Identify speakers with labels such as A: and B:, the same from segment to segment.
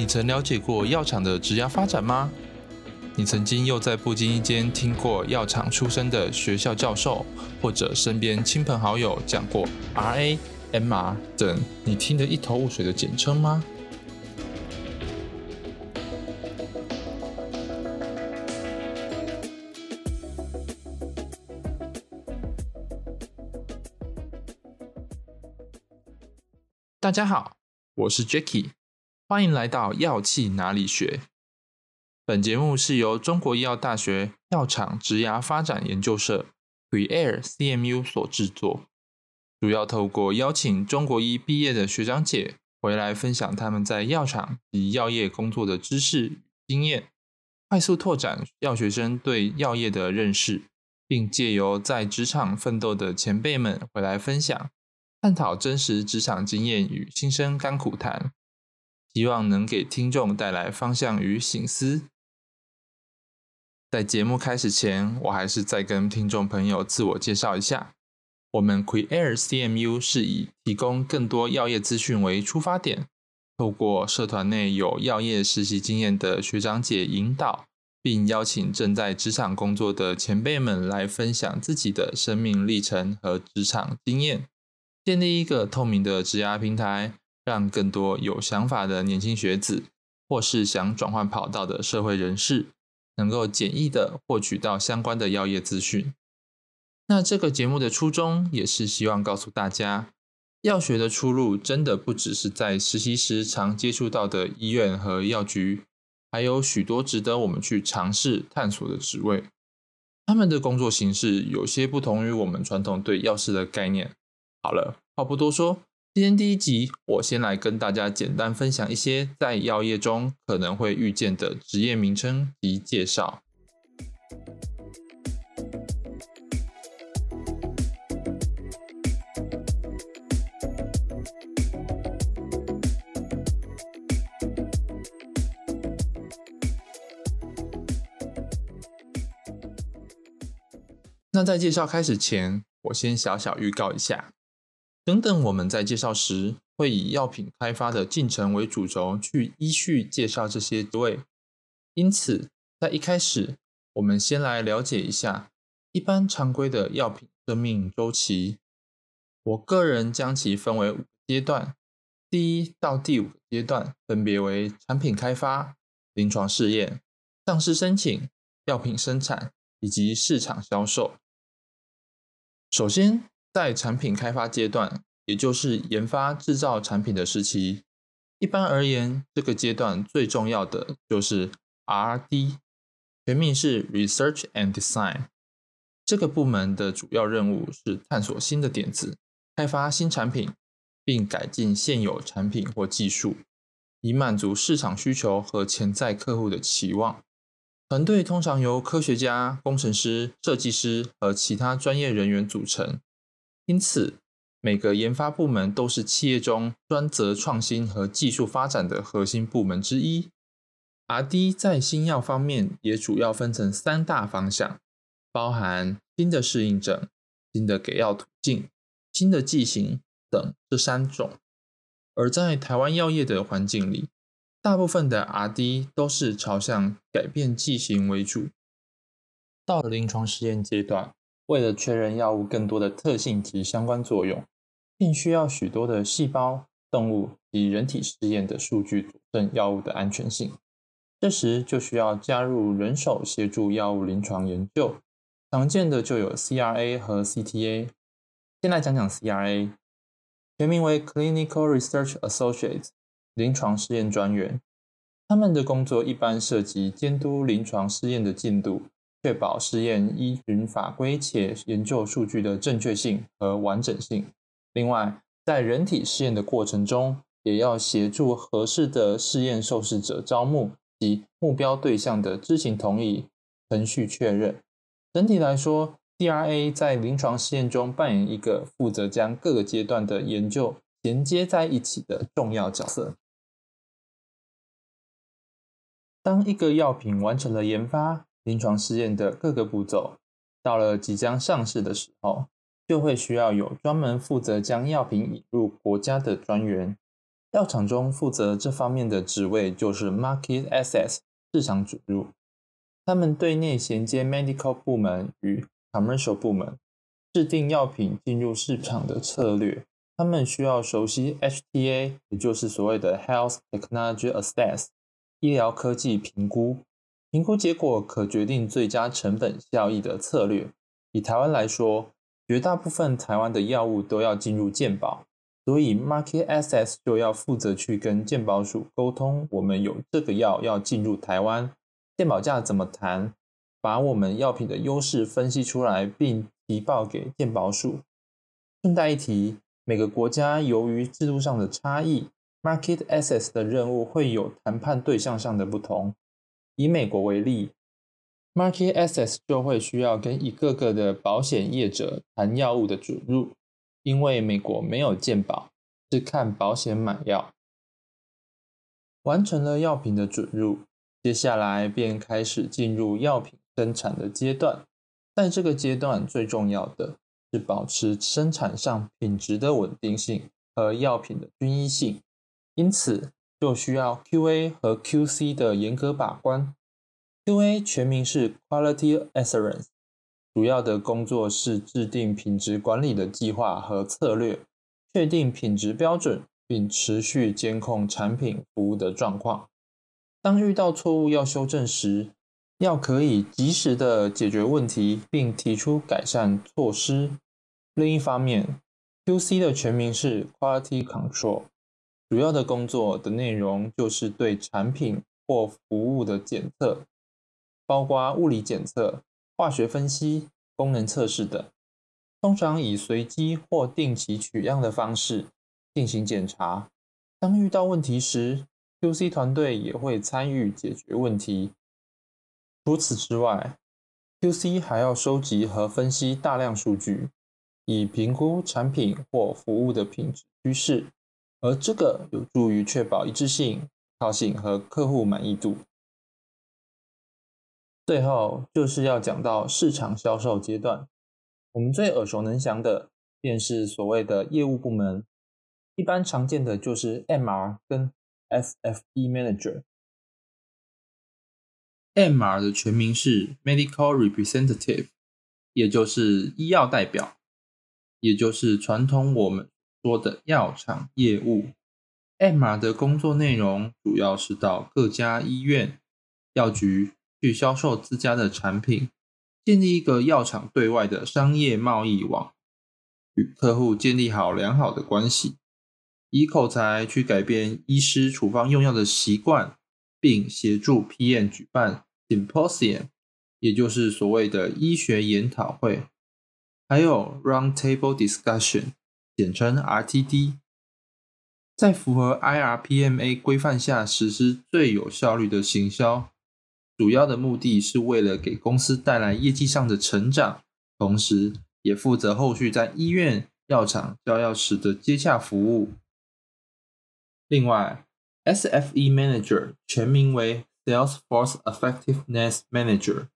A: 你曾了解過藥廠的職涯發展嗎？你曾經又在不經意間聽過藥廠出身的學校教授，或者身邊親朋好友講過 RA、MR 等你聽得一頭霧水的簡稱嗎？大家好，我是 Jacky。歡迎來到藥企哪裡學。本節目是由中國醫藥大學藥廠職涯發展研究社 （Pre Air CMU） 所製作，主要透過邀請中國醫畢業的學長姐回來分享他們在藥廠及藥業工作的知識與經驗，快速拓展藥學生對藥業的認識，並借由在職場奮鬥的前輩們回來分享，探討真實職場經驗與親身甘苦談。希望能給聽眾帶來方向與醒思。在節目開始前，我還是再跟聽眾朋友自我介紹一下。我們 Quire CMU 是以提供更多藥業資訊為出發點，透過社團內有藥業實習經驗的學長姐引導，並邀請正在職場工作的前輩們來分享自己的生命歷程和職場經驗，建立一個透明的職涯平台。讓更多有想法的年輕學子，或是想轉換跑道的社會人士，能夠簡易地獲取到相關的藥業資訊。那這個節目的初衷也是希望告訴大家，藥學的出路真的不只是在實習時常接觸到的醫院和藥局，還有許多值得我們去嘗試探索的職位。他們的工作形式有些不同於我們傳統對藥師的概念。好了，話不多說。今天第一集，我先來跟大家簡單分享一些在藥業中可能會遇見的職業名稱及介紹。那在介紹開始前，我先小小預告一下。等等，我們在介紹時會以藥品開發的進程為主軸去依序介紹這些職位。因此，在一開始，我們先來了解一下一般常規的藥品生命週期。我個人將其分為五個階段，第一到第五個階段分別為產品開發、臨床試驗、上市申請、藥品生產以及市場銷售。首先，在產品開發階段，也就是研發製造產品的時期，一般而言，這個階段最重要的就是 R&D，全名是 Research and Design。這個部門的主要任務是探索新的點子，開發新產品，並改進現有產品或技術，以滿足市場需求和潛在客戶的期望。團隊通常由科學家、工程師、設計師和其他專業人員組成。因此，每個研發部門都是企業中專責創新和技術發展的核心部門之一。R&D 在新藥方面也主要分成三大方向，包含新的適應症、新的給藥途徑、新的劑型等這三種。而在台灣藥業的環境裡，大部分的 R&D 都是朝向改變劑型為主。到了臨床實驗階段。為了確認藥物更多的特性及相關作用，並需要許多的細胞、動物及人體試驗的數據佐證藥物的安全性，這時就需要加入人手協助藥物臨床研究。常見的就有 CRA 和 CTA。先來講講 CRA，全名為 Clinical Research Associate，臨床試驗專員。他們的工作一般涉及監督臨床試驗的進度。確保試驗依循法規且研究數據的正確性和完整性。另外，在人體試驗的過程中，也要協助合適的試驗受試者招募及目標對象的知情同意程序確認。整體來說，DRA 在臨床試驗中扮演一個負責將各個階段的研究銜接在一起的重要角色。當一個藥品完成了研發，臨床試驗的各個步驟，到了即將上市的時候，就會需要有專門負責將藥品引入國家的專員。藥廠中負責這方面的職位就是 market access 市場準入。他們對內銜接 medical 部門與 commercial 部門，制定藥品進入市場的策略。他們需要熟悉 HTA，也就是所謂的 health technology assess 醫療科技評估。評估結果可決定最佳成本效益的策略。以台灣來說，絕大部分台灣的藥物都要進入健保，所以 market access 就要負責去跟健保署溝通，我們有這個藥要進入台灣，健保價怎麼談，把我們藥品的優勢分析出來，並提報給健保署。順帶一提，每個國家由於制度上的差異，market access 的任務會有談判對象上的不同。以美國為例，Market Access 就會需要跟一個個的保險業者談藥物的准入，因為美國沒有健保，是看保險買藥。完成了藥品的准入，接下來便開始進入藥品生產的階段。在這個階段，最重要的是保持生產上品質的穩定性，和藥品的均一性。因此，就需要 QA 和 QC 的嚴格把關。QA 全名是 Quality Assurance，主要的工作是制定品質管理的計劃和策略，確定品質標準，並持續監控產品服務的狀況。當遇到錯誤要修正時，要可以及時的解決問題，並提出改善措施。另一方面，QC 的全名是 Quality Control。主要的工作的內容就是對產品或服務的檢測，包括物理檢測、化學分析、功能測試等。通常以隨機或定期取樣的方式進行檢查。當遇到問題時，QC 團隊也會參與解決問題。除此之外，QC 還要收集和分析大量數據，以評估產品或服務的品質趨勢。而這個有助於確保一致性、可靠性和客戶滿意度。最後就是要講到市場銷售階段，我們最耳熟能詳的便是所謂的業務部門，一般常見的就是 M R 跟 S F E Manager。M R 的全名是 Medical Representative，也就是醫藥代表，也就是傳統我們說的藥廠業務，MR 的工作內容主要是到各家醫院、藥局去銷售自家的產品，建立一個藥廠對外的商業貿易網，與客戶建立好良好的關係，以口才去改變醫師處方用藥的習慣，並協助 PM 舉辦 symposium，也就是所謂的醫學研討會，還有 round table discussion。簡稱 RTD，在符合 IRPMA 規範下實施最有效率的行銷，主要的目的是為了給公司帶來業績上的成長，同時也負責後續在醫院、藥廠、藥藥室的接洽服務。另外，SFE Manager 全名為 Sales Force Effectiveness Manager，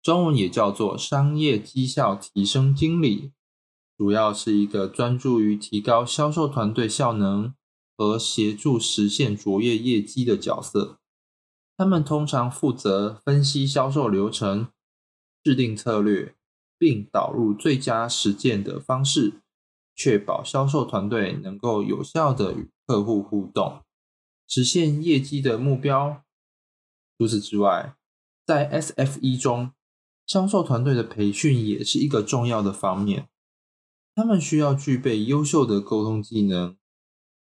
A: 中文也叫做商業績效提升經理。主要是一個專注於提高銷售團隊效能和協助實現卓越業，業績的角色。他們通常負責分析銷售流程、制定策略，並導入最佳實踐的方式，確保銷售團隊能夠有效地與客戶互動，實現業績的目標。除此之外，在 SFE 中，銷售團隊的培訓也是一個重要的方面。他們需要具備優秀的溝通技能、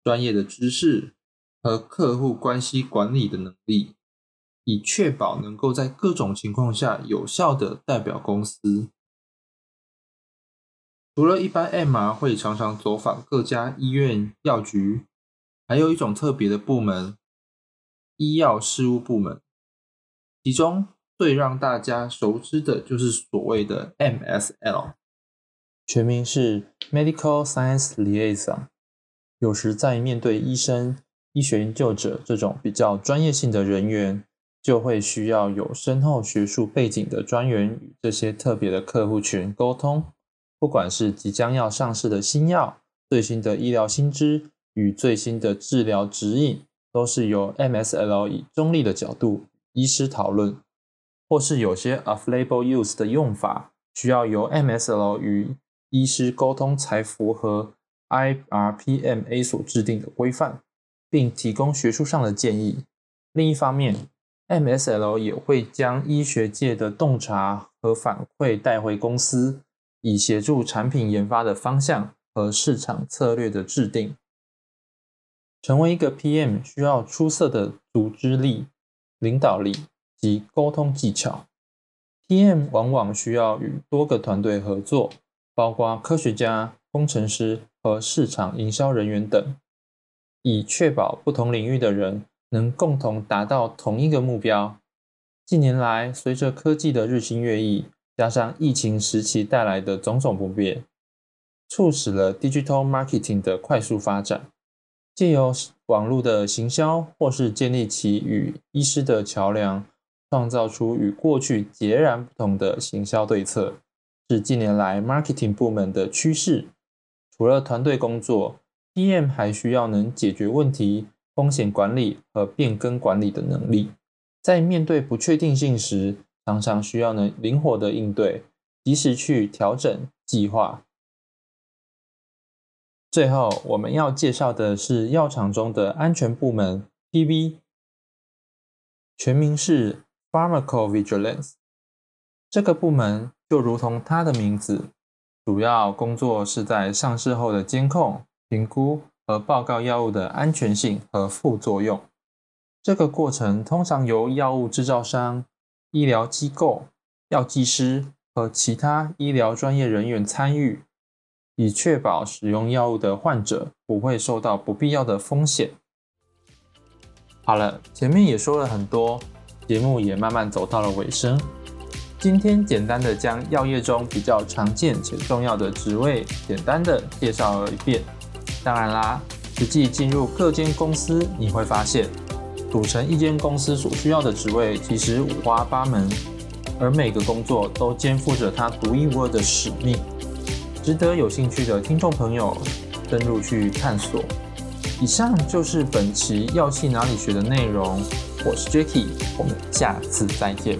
A: 專業的知識和客戶關係管理的能力，以確保能夠在各種情況下有效的代表公司。除了一般 MR 會常常走訪各家醫院、藥局，還有一種特別的部門——醫藥事務部門，其中最讓大家熟知的就是所謂的 MSL。全名是 Medical Science Liaison，有時在面對醫生、醫學研究者這種比較專業性的人員，就會需要有深厚學術背景的專員與這些特別的客戶群溝通。不管是即將要上市的新藥、最新的醫療新知與最新的治療指引，都是由 MSL 以中立的角度醫師討論，或是有些 off-label use 的用法，需要由 MSL 與醫師溝通才符合 IRPMA 所制定的規範，並提供學術上的建議。另一方面，MSL 也會將醫學界的洞察和反饋帶回公司，以協助產品研發的方向和市場策略的制定。成為一個 PM 需要出色的組織力、領導力及溝通技巧。PM 往往需要與多個團隊合作。包括科學家、工程師和市場營銷人員等，以確保不同領域的人能共同達到同一個目標。近年來，隨着科技的日新月異，加上疫情時期帶來的種種不便，促使了 digital marketing 的快速發展。借由網絡的行銷，或是建立起與醫師的橋樑，創造出與過去截然不同的行銷對策。是近年來 marketing 部門的趨勢。除了團隊工作，PM 還需要能解決問題、風險管理和變更管理的能力。在面對不確定性時，常常需要能靈活的應對，及時去調整計劃。最後，我們要介紹的是藥廠中的安全部門 PV，全名是 Pharmacovigilance。這個部門就如同它的名字，主要工作是在上市後的監控、評估和報告藥物的安全性和副作用。這個過程通常由藥物製造商、醫療機構、藥劑師和其他醫療專業人員參與，以確保使用藥物的患者不會受到不必要的風險。好了，前面也說了很多，節目也慢慢走到了尾聲。今天簡單的將藥業中比較常見且重要的職位簡單的介紹了一遍。當然啦，實際進入各間公司，你會發現組成一間公司所需要的職位其實五花八門，而每個工作都肩負着它獨一無二的使命，值得有興趣的聽眾朋友登錄去探索。以上就是本期藥系哪裡學的內容，我是 Jackie，我們下次再見。